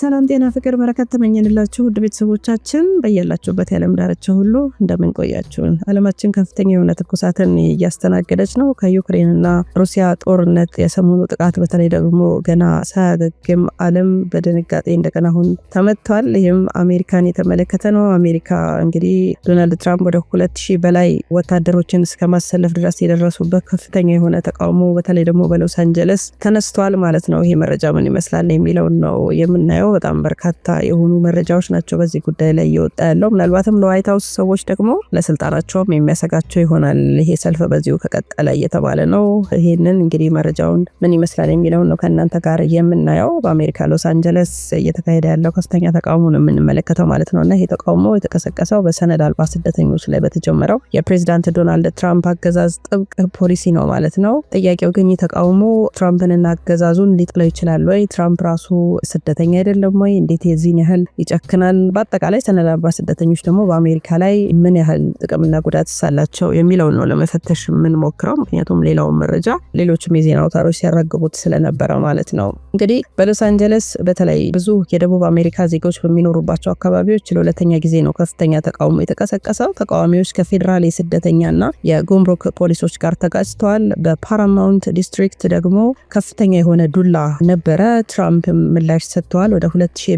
ሰላም ጤና ፍቅር በረከት ተመኘንላችሁ ውድ ቤተሰቦቻችን በያላችሁበት የዓለም ዳርቻ ሁሉ እንደምንቆያችሁን። ዓለማችን ከፍተኛ የሆነ ትኩሳትን እያስተናገደች ነው። ከዩክሬንና ሩሲያ ጦርነት የሰሞኑ ጥቃት በተለይ ደግሞ ገና ሳያገግም ዓለም በድንጋጤ እንደገና አሁን ተመቷል። ይህም አሜሪካን የተመለከተ ነው። አሜሪካ እንግዲህ ዶናልድ ትራምፕ ወደ ሁለት ሺህ በላይ ወታደሮችን እስከ ማሰለፍ ድረስ የደረሱበት ከፍተኛ የሆነ ተቃውሞ በተለይ ደግሞ በሎስ አንጀለስ ተነስቷል ማለት ነው። ይሄ መረጃ ምን ይመስላል የሚለውን ነው የምናየው። የምናየው በጣም በርካታ የሆኑ መረጃዎች ናቸው በዚህ ጉዳይ ላይ እየወጣ ያለው። ምናልባትም ለዋይት ሀውስ ሰዎች ደግሞ ለስልጣናቸውም የሚያሰጋቸው ይሆናል ይሄ ሰልፍ በዚሁ ከቀጠለ እየተባለ ነው። ይህንን እንግዲህ መረጃውን ምን ይመስላል የሚለውን ነው ከእናንተ ጋር የምናየው። በአሜሪካ ሎስ አንጀለስ እየተካሄደ ያለው ከፍተኛ ተቃውሞ ነው የምንመለከተው ማለት ነው እና ይሄ ተቃውሞ የተቀሰቀሰው በሰነድ አልባ ስደተኞች ላይ በተጀመረው የፕሬዚዳንት ዶናልድ ትራምፕ አገዛዝ ጥብቅ ፖሊሲ ነው ማለት ነው። ጥያቄው ግን ይህ ተቃውሞ ትራምፕንና አገዛዙን ሊጥለው ይችላል ወይ? ትራምፕ ራሱ ስደተኛ አይደለም ወይ? እንዴት የዚህን ያህል ይጨክናል? በአጠቃላይ ሰነድ አልባ ስደተኞች ደግሞ በአሜሪካ ላይ ምን ያህል ጥቅምና ጉዳት ሳላቸው የሚለው ነው ለመፈተሽ የምንሞክረው። ምክንያቱም ሌላውን መረጃ ሌሎችም የዜና አውታሮች ሲያራግቡት ስለነበረ ማለት ነው። እንግዲህ በሎስ አንጀለስ በተለይ ብዙ የደቡብ አሜሪካ ዜጎች በሚኖሩባቸው አካባቢዎች ለሁለተኛ ጊዜ ነው ከፍተኛ ተቃውሞ የተቀሰቀሰው። ተቃዋሚዎች ከፌዴራል የስደተኛና የጉምሩክ ፖሊሶች ጋር ተጋጭተዋል። በፓራማውንት ዲስትሪክት ደግሞ ከፍተኛ የሆነ ዱላ ነበረ። ትራምፕ ምላሽ ሰጥተዋል። ወደ ሁለት ሺህ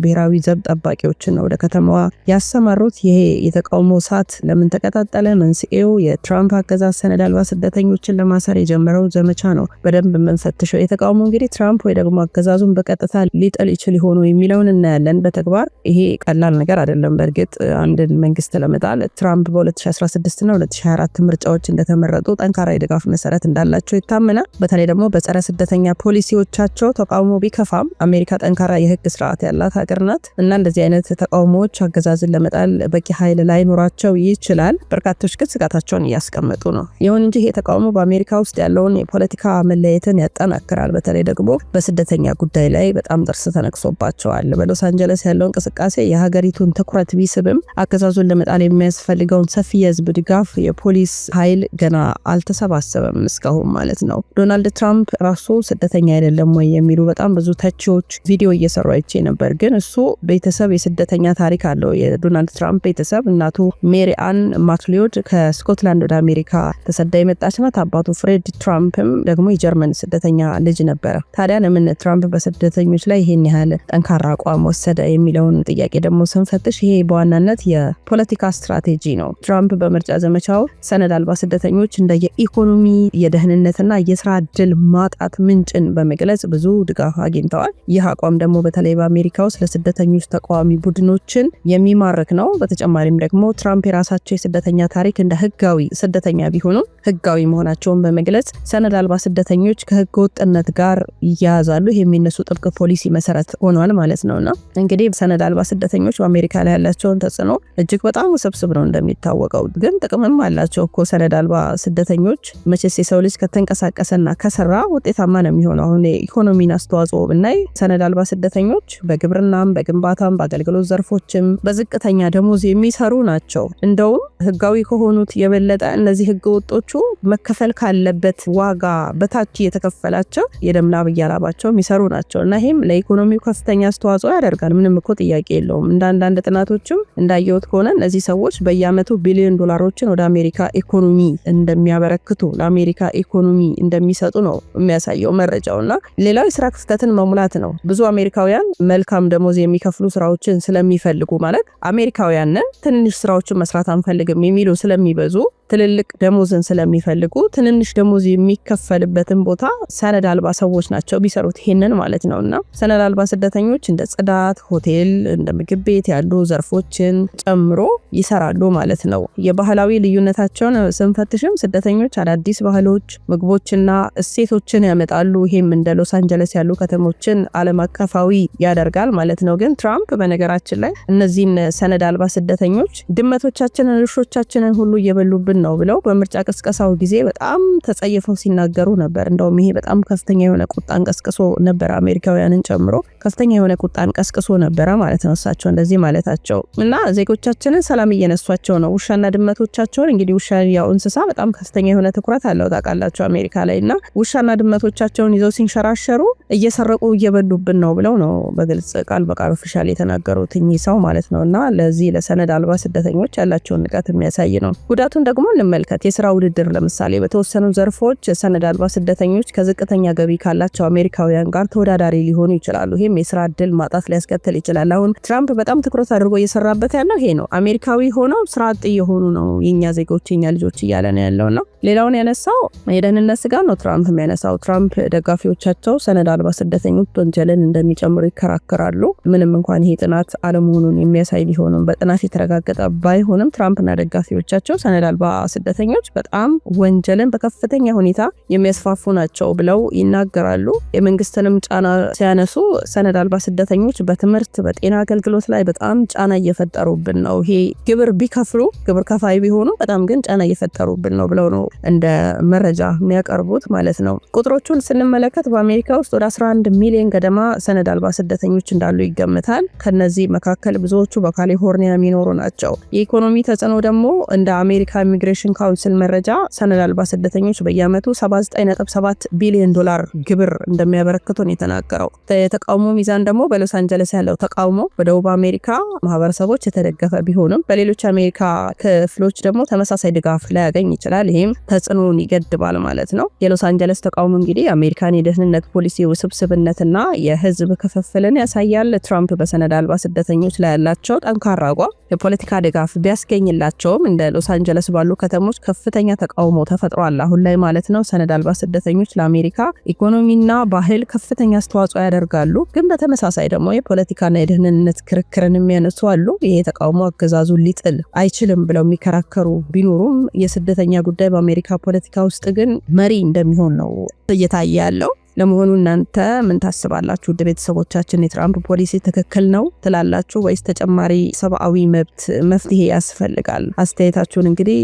ዘብ ጠባቂዎችን ነው ወደ ከተማዋ ያሰማሩት። ይሄ የተቃውሞ እሳት ለምን ተቀጣጠለ? መንስኤው የትራምፕ አገዛዝ ሰነድ አልባ ስደተኞችን ለማሰር የጀመረው ዘመቻ ነው በደንብ የምንፈትሸው። የተቃውሞ እንግዲህ ትራምፕ ወይ ደግሞ አገዛዙን በቀጥታ ሊጥል ይችል ሆኖ የሚለውን እናያለን በተግባር። ይሄ ቀላል ነገር አይደለም። በእርግጥ አንድን መንግስት ለመጣል ትራምፕ በ2016 እና 2024 ምርጫዎች እንደተመረጡ ጠንካራ የድጋፍ መሰረት እንዳላቸው ይታመናል። በተለይ ደግሞ በጸረ ስደተኛ ፖሊሲዎቻቸው ተቃውሞ ቢከፋም አሜሪካ ጠንካራ የህግ ስራ ስርዓት ያላት ሀገር ናት እና እንደዚህ አይነት ተቃውሞዎች አገዛዝን ለመጣል በቂ ኃይል ላይኖራቸው ይችላል። በርካቶች ግን ስጋታቸውን እያስቀመጡ ነው። ይሁን እንጂ ይሄ ተቃውሞ በአሜሪካ ውስጥ ያለውን የፖለቲካ መለየትን ያጠናክራል። በተለይ ደግሞ በስደተኛ ጉዳይ ላይ በጣም ጥርስ ተነቅሶባቸዋል። በሎስ አንጀለስ ያለው እንቅስቃሴ የሀገሪቱን ትኩረት ቢስብም አገዛዙን ለመጣል የሚያስፈልገውን ሰፊ የህዝብ ድጋፍ የፖሊስ ኃይል ገና አልተሰባሰበም እስካሁን ማለት ነው። ዶናልድ ትራምፕ ራሱ ስደተኛ አይደለም ወይ የሚሉ በጣም ብዙ ተቺዎች ቪዲዮ እየሰሩ አይቼ ነበር። ግን እሱ ቤተሰብ የስደተኛ ታሪክ አለው። የዶናልድ ትራምፕ ቤተሰብ እናቱ ሜሪ አን ማክሊዮድ ከስኮትላንድ ወደ አሜሪካ ተሰዳ የመጣች ናት። አባቱ ፍሬድ ትራምፕም ደግሞ የጀርመን ስደተኛ ልጅ ነበረ። ታዲያ ለምን ትራምፕ በስደተኞች ላይ ይህን ያህል ጠንካራ አቋም ወሰደ የሚለውን ጥያቄ ደግሞ ስንፈትሽ ይሄ በዋናነት የፖለቲካ ስትራቴጂ ነው። ትራምፕ በምርጫ ዘመቻው ሰነድ አልባ ስደተኞች እንደ የኢኮኖሚ የደህንነትና የስራ እድል ማጣት ምንጭን በመግለጽ ብዙ ድጋፍ አግኝተዋል። ይህ አቋም ደግሞ በተለይ አሜሪካ ውስጥ ለስደተኞች ተቃዋሚ ቡድኖችን የሚማርክ ነው። በተጨማሪም ደግሞ ትራምፕ የራሳቸው የስደተኛ ታሪክ እንደ ህጋዊ ስደተኛ ቢሆኑም ህጋዊ መሆናቸውን በመግለጽ ሰነድ አልባ ስደተኞች ከህገ ወጥነት ጋር ይያያዛሉ። ይህ የሚነሱ ጥብቅ ፖሊሲ መሰረት ሆኗል ማለት ነውና እንግዲህ ሰነድ አልባ ስደተኞች በአሜሪካ ላይ ያላቸውን ተጽዕኖ እጅግ በጣም ውስብስብ ነው እንደሚታወቀው፣ ግን ጥቅምም አላቸው እኮ ሰነድ አልባ ስደተኞች። መቼስ የሰው ልጅ ከተንቀሳቀሰና ከሰራ ውጤታማ ነው የሚሆነው። አሁን የኢኮኖሚን አስተዋጽኦ ብናይ ሰነድ አልባ ስደተኞች በግብርናም በግንባታም በአገልግሎት ዘርፎችም በዝቅተኛ ደሞዝ የሚሰሩ ናቸው። እንደውም ህጋዊ ከሆኑት የበለጠ እነዚህ ህገ ወጦቹ መከፈል ካለበት ዋጋ በታች የተከፈላቸው የደም ላብ እያላባቸው የሚሰሩ ናቸው እና ይህም ለኢኮኖሚው ከፍተኛ አስተዋጽኦ ያደርጋል። ምንም እኮ ጥያቄ የለውም። እንደ አንዳንድ ጥናቶችም እንዳየሁት ከሆነ እነዚህ ሰዎች በየአመቱ ቢሊዮን ዶላሮችን ወደ አሜሪካ ኢኮኖሚ እንደሚያበረክቱ ለአሜሪካ ኢኮኖሚ እንደሚሰጡ ነው የሚያሳየው መረጃው እና ሌላው የስራ ክፍተትን መሙላት ነው። ብዙ አሜሪካውያን መልካም ደሞዝ የሚከፍሉ ስራዎችን ስለሚፈልጉ ማለት አሜሪካውያንን ትንንሽ ስራዎችን መስራት አንፈልግም የሚሉ ስለሚበዙ ትልልቅ ደሞዝን ስለሚፈልጉ ትንንሽ ደሞዝ የሚከፈልበትን ቦታ ሰነድ አልባ ሰዎች ናቸው ቢሰሩት ይሄንን ማለት ነው። እና ሰነድ አልባ ስደተኞች እንደ ጽዳት፣ ሆቴል፣ እንደ ምግብ ቤት ያሉ ዘርፎችን ጨምሮ ይሰራሉ ማለት ነው። የባህላዊ ልዩነታቸውን ስንፈትሽም ስደተኞች አዳዲስ ባህሎች፣ ምግቦችና እሴቶችን ያመጣሉ። ይሄም እንደ ሎስ አንጀለስ ያሉ ከተሞችን ዓለም አቀፋዊ ያደርጋል ማለት ነው። ግን ትራምፕ በነገራችን ላይ እነዚህን ሰነድ አልባ ስደተኞች ድመቶቻችንን፣ እርሾቻችንን ሁሉ እየበሉብን ምንድን ነው ብለው በምርጫ ቅስቀሳው ጊዜ በጣም ተጸይፈው ሲናገሩ ነበር። እንደውም ይሄ በጣም ከፍተኛ የሆነ ቁጣን ቀስቅሶ ነበረ፣ አሜሪካውያንን ጨምሮ ከፍተኛ የሆነ ቁጣን ቀስቅሶ ነበረ ማለት ነው እሳቸው እንደዚህ ማለታቸው እና ዜጎቻችንን ሰላም እየነሷቸው ነው። ውሻና ድመቶቻቸውን እንግዲህ ውሻ ያው እንስሳ በጣም ከፍተኛ የሆነ ትኩረት አለው ታውቃላቸው አሜሪካ ላይ እና ውሻና ድመቶቻቸውን ይዘው ሲንሸራሸሩ እየሰረቁ እየበሉብን ነው ብለው ነው በግልጽ ቃል በቃል ኦፊሻል የተናገሩት እኚህ ሰው ማለት ነው እና ለዚህ ለሰነድ አልባ ስደተኞች ያላቸውን ንቀት የሚያሳይ ነው። ጉዳቱን ደግሞ ነው እንመልከት። የስራ ውድድር ለምሳሌ በተወሰኑ ዘርፎች ሰነድ አልባ ስደተኞች ከዝቅተኛ ገቢ ካላቸው አሜሪካውያን ጋር ተወዳዳሪ ሊሆኑ ይችላሉ። ይህም የስራ እድል ማጣት ሊያስከትል ይችላል። አሁን ትራምፕ በጣም ትኩረት አድርጎ እየሰራበት ያለው ይሄ ነው። አሜሪካዊ ሆነው ስራ አጥ የሆኑ ነው የኛ ዜጎች የኛ ልጆች እያለ ነው ያለው ነው። ሌላውን ያነሳው የደህንነት ስጋት ነው ትራምፕ የሚያነሳው። ትራምፕ ደጋፊዎቻቸው ሰነድ አልባ ስደተኞች ወንጀልን እንደሚጨምሩ ይከራከራሉ። ምንም እንኳን ይሄ ጥናት አለመሆኑን የሚያሳይ ቢሆንም በጥናት የተረጋገጠ ባይሆንም ትራምፕና ደጋፊዎቻቸው ሰነድ አልባ ስደተኞች በጣም ወንጀልን በከፍተኛ ሁኔታ የሚያስፋፉ ናቸው ብለው ይናገራሉ። የመንግስትንም ጫና ሲያነሱ ሰነድ አልባ ስደተኞች በትምህርት በጤና አገልግሎት ላይ በጣም ጫና እየፈጠሩብን ነው፣ ይሄ ግብር ቢከፍሉ ግብር ከፋይ ቢሆኑ በጣም ግን ጫና እየፈጠሩብን ነው ብለው ነው እንደ መረጃ የሚያቀርቡት ማለት ነው። ቁጥሮቹን ስንመለከት በአሜሪካ ውስጥ ወደ 11 ሚሊዮን ገደማ ሰነድ አልባ ስደተኞች እንዳሉ ይገምታል። ከነዚህ መካከል ብዙዎቹ በካሊፎርኒያ የሚኖሩ ናቸው። የኢኮኖሚ ተጽዕኖ ደግሞ እንደ አሜሪካ የኢሚግሬሽን ካውንስል መረጃ ሰነድ አልባ ስደተኞች በየአመቱ 797 ቢሊዮን ዶላር ግብር እንደሚያበረክቱ ነው የተናገረው። የተቃውሞ ሚዛን ደግሞ በሎስ አንጀለስ ያለው ተቃውሞ በደቡብ አሜሪካ ማህበረሰቦች የተደገፈ ቢሆንም በሌሎች አሜሪካ ክፍሎች ደግሞ ተመሳሳይ ድጋፍ ላያገኝ ይችላል። ይህም ተጽዕኖውን ይገድባል ማለት ነው። የሎስ አንጀለስ ተቃውሞ እንግዲህ የአሜሪካን የደህንነት ፖሊሲ ውስብስብነትና የህዝብ ክፍፍልን ያሳያል። ትራምፕ በሰነድ አልባ ስደተኞች ላይ ያላቸው ጠንካራ አቋም የፖለቲካ ድጋፍ ቢያስገኝላቸውም እንደ ሎስ አንጀለስ ባሉ ከተሞች ከፍተኛ ተቃውሞ ተፈጥሯል። አሁን ላይ ማለት ነው። ሰነድ አልባ ስደተኞች ለአሜሪካ ኢኮኖሚና ባህል ከፍተኛ አስተዋጽኦ ያደርጋሉ። ግን በተመሳሳይ ደግሞ የፖለቲካና የደህንነት ክርክርን የሚያነሱ አሉ። ይሄ ተቃውሞ አገዛዙን ሊጥል አይችልም ብለው የሚከራከሩ ቢኖሩም የስደተኛ ጉዳይ በአሜሪካ ፖለቲካ ውስጥ ግን መሪ እንደሚሆን ነው እየታየ ያለው። ለመሆኑ እናንተ ምን ታስባላችሁ? ውድ ቤተሰቦቻችን የትራምፕ ፖሊሲ ትክክል ነው ትላላችሁ ወይስ ተጨማሪ ሰብአዊ መብት መፍትሄ ያስፈልጋል? አስተያየታችሁን እንግዲህ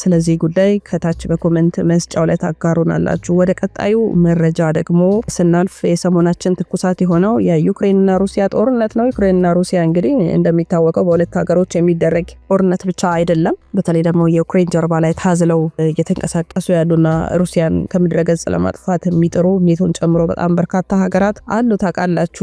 ስለዚህ ጉዳይ ከታች በኮመንት መስጫው ላይ ታጋሩናላችሁ። ወደ ቀጣዩ መረጃ ደግሞ ስናልፍ የሰሞናችን ትኩሳት የሆነው የዩክሬንና ሩሲያ ጦርነት ነው። ዩክሬንና ሩሲያ እንግዲህ እንደሚታወቀው በሁለት ሀገሮች የሚደረግ ጦርነት ብቻ አይደለም። በተለይ ደግሞ የዩክሬን ጀርባ ላይ ታዝለው እየተንቀሳቀሱ ያሉና ሩሲያን ከምድረገጽ ለማጥፋት የሚጥሩ ኔቶን ጨምሮ በጣም በርካታ ሀገራት አሉ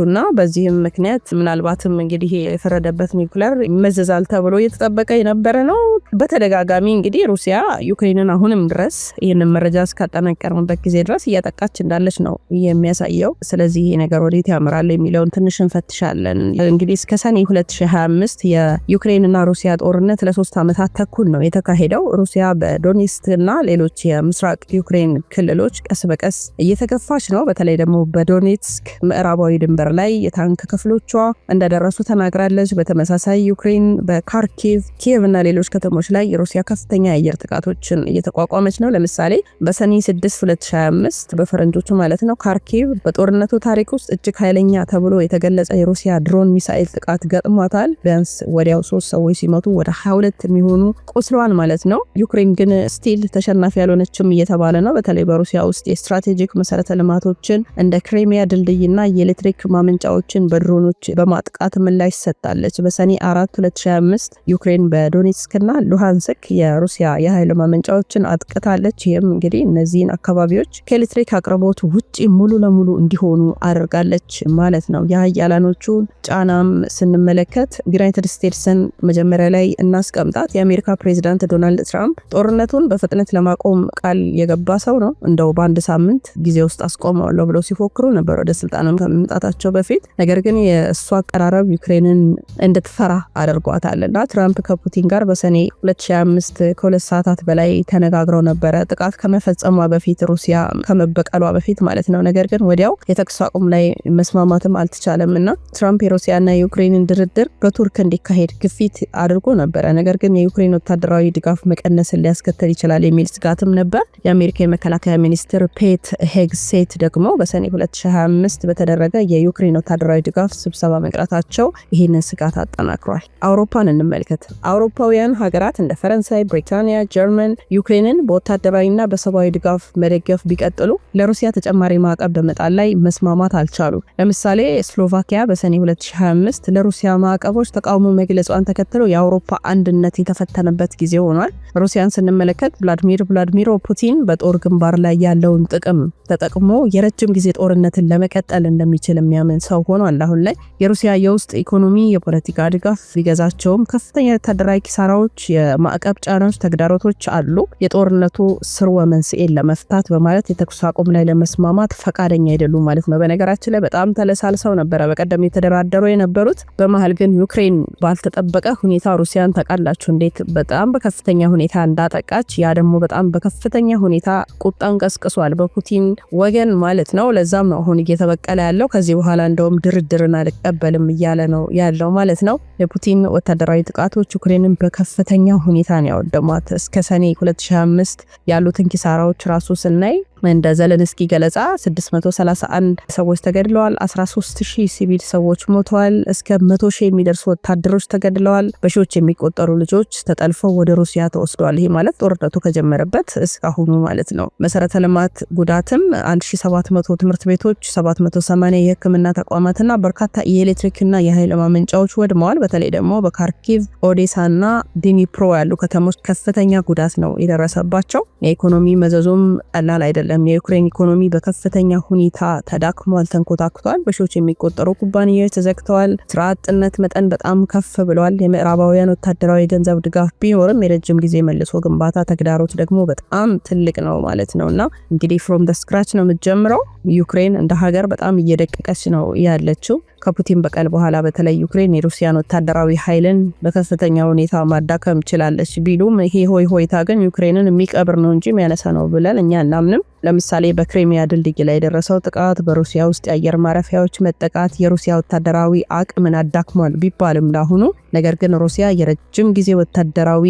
እና በዚህም ምክንያት ምናልባትም እንግዲህ የፈረደበት ኒውክለር ይመዘዛል ተብሎ እየተጠበቀ የነበረ ነው። በተደጋጋሚ እንግዲህ ሩሲያ ዩክሬንን አሁንም ድረስ ይህንን መረጃ እስካጠናቀርንበት ጊዜ ድረስ እያጠቃች እንዳለች ነው የሚያሳየው። ስለዚህ ይሄ ነገር ወዴት ያምራል የሚለውን ትንሽ እንፈትሻለን። እንግዲህ እስከ ሰኔ 2025 የዩክሬንና ሩሲያ ጦርነት ለሶስት ዓመታት ተኩል ነው የተካሄደው። ሩሲያ በዶኔስክና ሌሎች የምስራቅ ዩክሬን ክልሎች ቀስ በቀስ እየተገፋች ነው። ነው። በተለይ ደግሞ በዶኔትስክ ምዕራባዊ ድንበር ላይ የታንክ ክፍሎቿ እንደደረሱ ተናግራለች። በተመሳሳይ ዩክሬን በካርኪቭ፣ ኪየቭ እና ሌሎች ከተሞች ላይ የሩሲያ ከፍተኛ የአየር ጥቃቶችን እየተቋቋመች ነው። ለምሳሌ በሰኔ 6 2025 በፈረንጆቹ ማለት ነው ካርኪቭ በጦርነቱ ታሪክ ውስጥ እጅግ ኃይለኛ ተብሎ የተገለጸ የሩሲያ ድሮን ሚሳኤል ጥቃት ገጥሟታል። ቢያንስ ወዲያው ሶስት ሰዎች ሲመቱ ወደ 22 የሚሆኑ ቆስለዋል ማለት ነው። ዩክሬን ግን ስቲል ተሸናፊ ያልሆነችም እየተባለ ነው። በተለይ በሩሲያ ውስጥ የስትራቴጂክ መሰረተ ልማቶ ግዛቶችን እንደ ክሬሚያ ድልድይና የኤሌክትሪክ ማመንጫዎችን በድሮኖች በማጥቃት ምላሽ ሰጥታለች። በሰኔ 4 2025 ዩክሬን በዶኔትስክና ሉሃንስክ የሩሲያ የኃይል ማመንጫዎችን አጥቅታለች። ይህም እንግዲህ እነዚህን አካባቢዎች ከኤሌክትሪክ አቅርቦት ውጭ ሙሉ ለሙሉ እንዲሆኑ አድርጋለች ማለት ነው። የሀያላኖቹን ጫናም ስንመለከት ዩናይትድ ስቴትስን መጀመሪያ ላይ እናስቀምጣት። የአሜሪካ ፕሬዚዳንት ዶናልድ ትራምፕ ጦርነቱን በፍጥነት ለማቆም ቃል የገባ ሰው ነው። እንደው በአንድ ሳምንት ጊዜ ውስጥ አስቆመ አቆመዋለሁ ብለው ሲፎክሩ ነበር ወደ ስልጣንም ከመምጣታቸው በፊት። ነገር ግን የእሱ አቀራረብ ዩክሬንን እንድትፈራ አድርጓታል እና ትራምፕ ከፑቲን ጋር በሰኔ 2025 ከሁለት ሰዓታት በላይ ተነጋግረው ነበረ። ጥቃት ከመፈጸሟ በፊት ሩሲያ ከመበቀሏ በፊት ማለት ነው። ነገር ግን ወዲያው የተኩስ አቁም ላይ መስማማትም አልተቻለም እና ትራምፕ የሩሲያና የዩክሬንን ድርድር በቱርክ እንዲካሄድ ግፊት አድርጎ ነበረ። ነገር ግን የዩክሬን ወታደራዊ ድጋፍ መቀነስን ሊያስከተል ይችላል የሚል ስጋትም ነበር። የአሜሪካ የመከላከያ ሚኒስትር ፔት ሄግሴት ደግሞ በሰኔ 2025 በተደረገ የዩክሬን ወታደራዊ ድጋፍ ስብሰባ መቅረታቸው ይህንን ስጋት አጠናክሯል። አውሮፓን እንመልከት። አውሮፓውያን ሀገራት እንደ ፈረንሳይ፣ ብሪታንያ፣ ጀርመን ዩክሬንን በወታደራዊና በሰብአዊ ድጋፍ መደገፍ ቢቀጥሉ ለሩሲያ ተጨማሪ ማዕቀብ በመጣል ላይ መስማማት አልቻሉ። ለምሳሌ ስሎቫኪያ በሰኔ 2025 ለሩሲያ ማዕቀቦች ተቃውሞ መግለጿን ተከትሎ የአውሮፓ አንድነት የተፈተነበት ጊዜ ሆኗል። ሩሲያን ስንመለከት ቭላድሚር ቭላድሚሮ ፑቲን በጦር ግንባር ላይ ያለውን ጥቅም ተጠቅሞ የረጅም ጊዜ ጦርነትን ለመቀጠል እንደሚችል የሚያምን ሰው ሆኗል። አሁን ላይ የሩሲያ የውስጥ ኢኮኖሚ የፖለቲካ ድጋፍ ቢገዛቸውም ከፍተኛ ወታደራዊ ኪሳራዎች፣ የማዕቀብ ጫናዎች፣ ተግዳሮቶች አሉ። የጦርነቱ ስርወ መንስኤን ለመፍታት በማለት የተኩስ አቁም ላይ ለመስማማት ፈቃደኛ አይደሉም ማለት ነው። በነገራችን ላይ በጣም ተለሳልሰው ነበረ በቀደም የተደራደሩ የነበሩት። በመሀል ግን ዩክሬን ባልተጠበቀ ሁኔታ ሩሲያን ታውቃላችሁ እንዴት በጣም በከፍተኛ ሁኔታ እንዳጠቃች ያ ደግሞ በጣም በከፍተኛ ሁኔታ ቁጣን ቀስቅሷል በፑቲን ወገን ማለት ነው። ለዛም ነው አሁን እየተበቀለ ያለው። ከዚህ በኋላ እንደውም ድርድርን አልቀበልም እያለ ነው ያለው ማለት ነው። የፑቲን ወታደራዊ ጥቃቶች ዩክሬንን በከፍተኛ ሁኔታ ነው ያወደሟት። እስከ ሰኔ 2025 ያሉትን ኪሳራዎች ራሱ ስናይ እንደ ዘለንስኪ ገለጻ 631 ሰዎች ተገድለዋል፣ 13 ሲቪል ሰዎች ሞተዋል፣ እስከ 100000 የሚደርሱ ወታደሮች ተገድለዋል፣ በሺዎች የሚቆጠሩ ልጆች ተጠልፈው ወደ ሩሲያ ተወስደዋል። ይህ ማለት ጦርነቱ ከጀመረበት እስካሁኑ ማለት ነው። መሰረተ ልማት ጉዳትም 1700 ትምህርት ቤቶች፣ 780 የህክምና ተቋማትና በርካታ የኤሌክትሪክና የኃይል ማመንጫዎች ወድመዋል። በተለይ ደግሞ በካርኪቭ ኦዴሳና ዲኒፕሮ ያሉ ከተሞች ከፍተኛ ጉዳት ነው የደረሰባቸው። የኢኮኖሚ መዘዙም ቀላል አይደለም። አይደለም። የዩክሬን ኢኮኖሚ በከፍተኛ ሁኔታ ተዳክሟል፣ ተንኮታክቷል። በሺዎች የሚቆጠሩ ኩባንያዎች ተዘግተዋል። ስራ አጥነት መጠን በጣም ከፍ ብሏል። የምዕራባውያን ወታደራዊ የገንዘብ ድጋፍ ቢኖርም የረጅም ጊዜ መልሶ ግንባታ ተግዳሮት ደግሞ በጣም ትልቅ ነው ማለት ነው እና እንግዲህ ፍሮም ደ ስክራች ነው የምትጀምረው። ዩክሬን እንደ ሀገር በጣም እየደቀቀች ነው ያለችው። ከፑቲን በቀል በኋላ በተለይ ዩክሬን የሩሲያን ወታደራዊ ኃይልን በከፍተኛ ሁኔታ ማዳከም ችላለች ቢሉም ይሄ ሆይ ሆይታ ግን ዩክሬንን የሚቀብር ነው እንጂ የሚያነሳ ነው ብለን እኛ እናምንም። ለምሳሌ በክሪሚያ ድልድይ ላይ የደረሰው ጥቃት፣ በሩሲያ ውስጥ የአየር ማረፊያዎች መጠቃት የሩሲያ ወታደራዊ አቅምን አዳክሟል ቢባልም ለአሁኑ ነገር ግን ሩሲያ የረጅም ጊዜ ወታደራዊ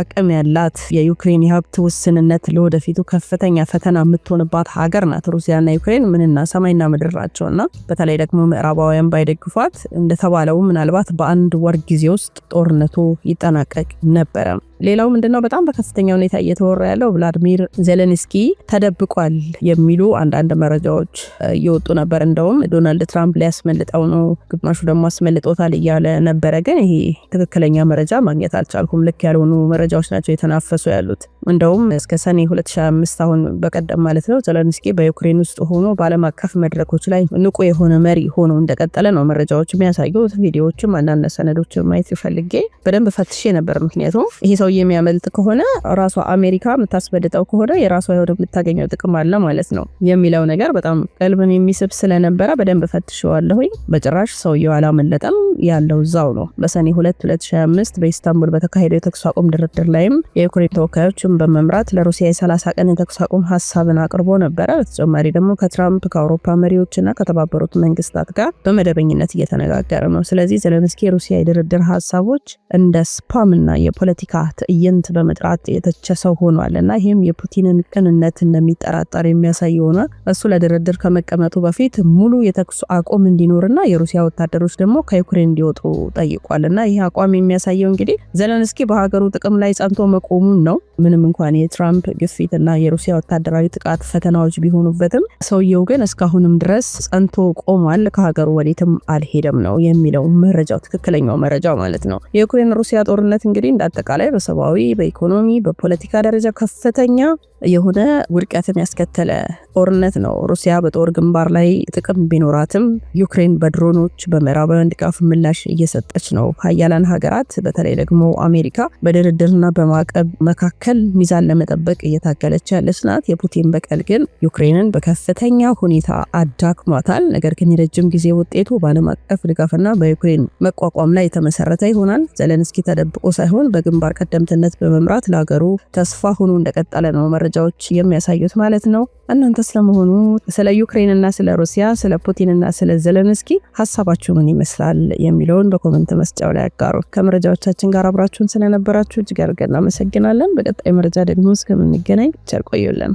አቅም ያላት የዩክሬን የሀብት ውስንነት ለወደፊቱ ከፍተኛ ፈተና የምትሆንባት ሀገር ናት። ሩሲያና ዩክሬን ምንና ሰማይና ምድር እና በተለይ ደግሞ ምዕራባውያን ባይደግፏት እንደተባለው ምናልባት በአንድ ወር ጊዜ ውስጥ ጦርነቱ ይጠናቀቅ ነበረ። ሌላው ምንድነው በጣም በከፍተኛ ሁኔታ እየተወራ ያለው ቭላድሚር ዜሌንስኪ ተደብቋል የሚሉ አንዳንድ መረጃዎች እየወጡ ነበር። እንደውም ዶናልድ ትራምፕ ሊያስመልጠው ነው፣ ግማሹ ደግሞ አስመልጦታል እያለ ነበረ። ግን ይሄ ትክክለኛ መረጃ ማግኘት አልቻልኩም። ልክ ያልሆኑ መረጃዎች ናቸው የተናፈሱ ያሉት። እንደውም እስከ ሰኔ 2025 አሁን በቀደም ማለት ነው ዘለንስኪ በዩክሬን ውስጥ ሆኖ በዓለም አቀፍ መድረኮች ላይ ንቁ የሆነ መሪ ሆኖ እንደቀጠለ ነው መረጃዎች የሚያሳዩት። ቪዲዮዎችም አንዳንድ ሰነዶች ማየት ይፈልጌ በደንብ ፈትሼ ነበር። ምክንያቱም ይሄ ሰው የሚያመልጥ ከሆነ ራሷ አሜሪካ የምታስበድጠው ከሆነ የራሷ የሆነ የምታገኘው ጥቅም አለ ማለት ነው የሚለው ነገር በጣም ቀልብን የሚስብ ስለነበረ በደንብ ፈትሸዋለሁኝ። በጭራሽ ሰውየው አላመለጠም፣ ያለው እዛው ነው። በሰኔ 2 2025 በኢስታንቡል በተካሄደው የተኩስ አቁም ድርድር ላይም የዩክሬን ተወካዮች በመምራት ለሩሲያ የሰላሳ ቀን የተኩስ አቁም ሀሳብን አቅርቦ ነበረ። በተጨማሪ ደግሞ ከትራምፕ ከአውሮፓ መሪዎችና ከተባበሩት መንግስታት ጋር በመደበኝነት እየተነጋገረ ነው። ስለዚህ ዘለንስኪ የሩሲያ የድርድር ሀሳቦች እንደ ስፓምና የፖለቲካ ትዕይንት በመጥራት የተቸሰው ሆኗል እና ይህም የፑቲንን ቅንነት እንደሚጠራጠር የሚያሳይ ሆነ። እሱ ለድርድር ከመቀመጡ በፊት ሙሉ የተኩስ አቁም እንዲኖርና የሩሲያ ወታደሮች ደግሞ ከዩክሬን እንዲወጡ ጠይቋል እና ይህ አቋም የሚያሳየው እንግዲህ ዘለንስኪ በሀገሩ ጥቅም ላይ ጸንቶ መቆሙን ነው። ምንም እንኳን የትራምፕ ግፊትና የሩሲያ ወታደራዊ ጥቃት ፈተናዎች ቢሆኑበትም ሰውየው ግን እስካሁንም ድረስ ጸንቶ ቆሟል። ከሀገሩ ወዴትም አልሄደም ነው የሚለው መረጃው፣ ትክክለኛው መረጃ ማለት ነው። የዩክሬን ሩሲያ ጦርነት እንግዲህ እንዳጠቃላይ በሰብአዊ በኢኮኖሚ፣ በፖለቲካ ደረጃ ከፍተኛ የሆነ ውድቀትን ያስከተለ ጦርነት ነው። ሩሲያ በጦር ግንባር ላይ ጥቅም ቢኖራትም ዩክሬን በድሮኖች በምዕራባውያን ድጋፍ ምላሽ እየሰጠች ነው። ሀያላን ሀገራት በተለይ ደግሞ አሜሪካ በድርድርና በማዕቀብ መካከል ሚዛን ለመጠበቅ እየታገለች ያለች ናት። የፑቲን በቀል ግን ዩክሬንን በከፍተኛ ሁኔታ አዳክሟታል። ነገር ግን የረጅም ጊዜ ውጤቱ በዓለም አቀፍ ድጋፍና በዩክሬን መቋቋም ላይ የተመሰረተ ይሆናል። ዘለንስኪ ተደብቆ ሳይሆን በግንባር ቀደምትነት በመምራት ለሀገሩ ተስፋ ሆኖ እንደቀጠለ ነው መረጃዎች የሚያሳዩት ማለት ነው። እናንተ ስለመሆኑ ስለ ዩክሬንና ስለ ሩሲያ፣ ስለ ፑቲንና ስለ ዘለንስኪ ሀሳባችሁ ምን ይመስላል የሚለውን በኮመንት መስጫው ላይ አጋሩ። ከመረጃዎቻችን ጋር አብራችሁን ስለነበራችሁ እጅግ አድርገን እናመሰግናለን። በቀጣይ መረጃ ደግሞ እስከምንገናኝ ቸር ቆዩልን።